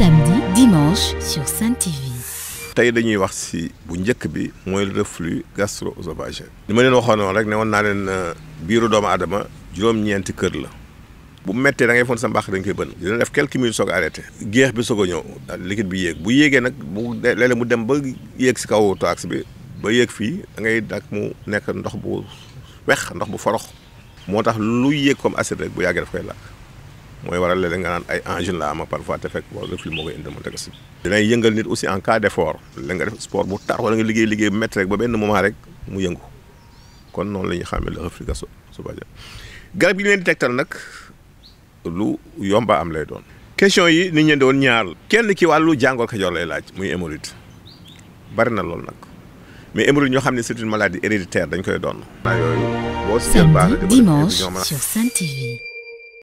samedi dimanche sur Sen TV. tey dañuy wax si bu njëkk bi mooy reflux gastro-œsophagien. ni ma leen waxoonoon rek ne woon naa leen euh, biiru doomu aadama juróom-ñeenti kër la bu mettee da ngay fon sa mbaax dañ koy bën dina def quelques minutes soog arrêté. géex bi soog a ñëw liquide bi yéeg bu yéegee nag bu léeg mu dem ba yéeg si kaw thorax bi ba yéeg fii da ngay dak mu nekk ndox bu wex ndox bu forox moo tax lu yéeg comme acide rek bu yàggee daf koy làkk. mooy waral a léeg nga naan ay engine la ama parfois te fekk boo reflux moo koy indi mu teg si dinay yëngal nit aussi en cas d'effort la nga def sport bu tar wala nga liggéey liggéey bu métti rek ba benn moment rek mu yëngu kon noonu la xàmmee le reflux gastro-œsophagien garab gi leen di tegtal nag lu yomba am lay doon question yi ni ñu leen doon ñaar kenn ki wàllu jàngoro Kajoor lay laaj muy hémorroïde bari na loolu nag mais hémorroïde ñoo xam ne c'est une maladie héréditaire dañ koy doon.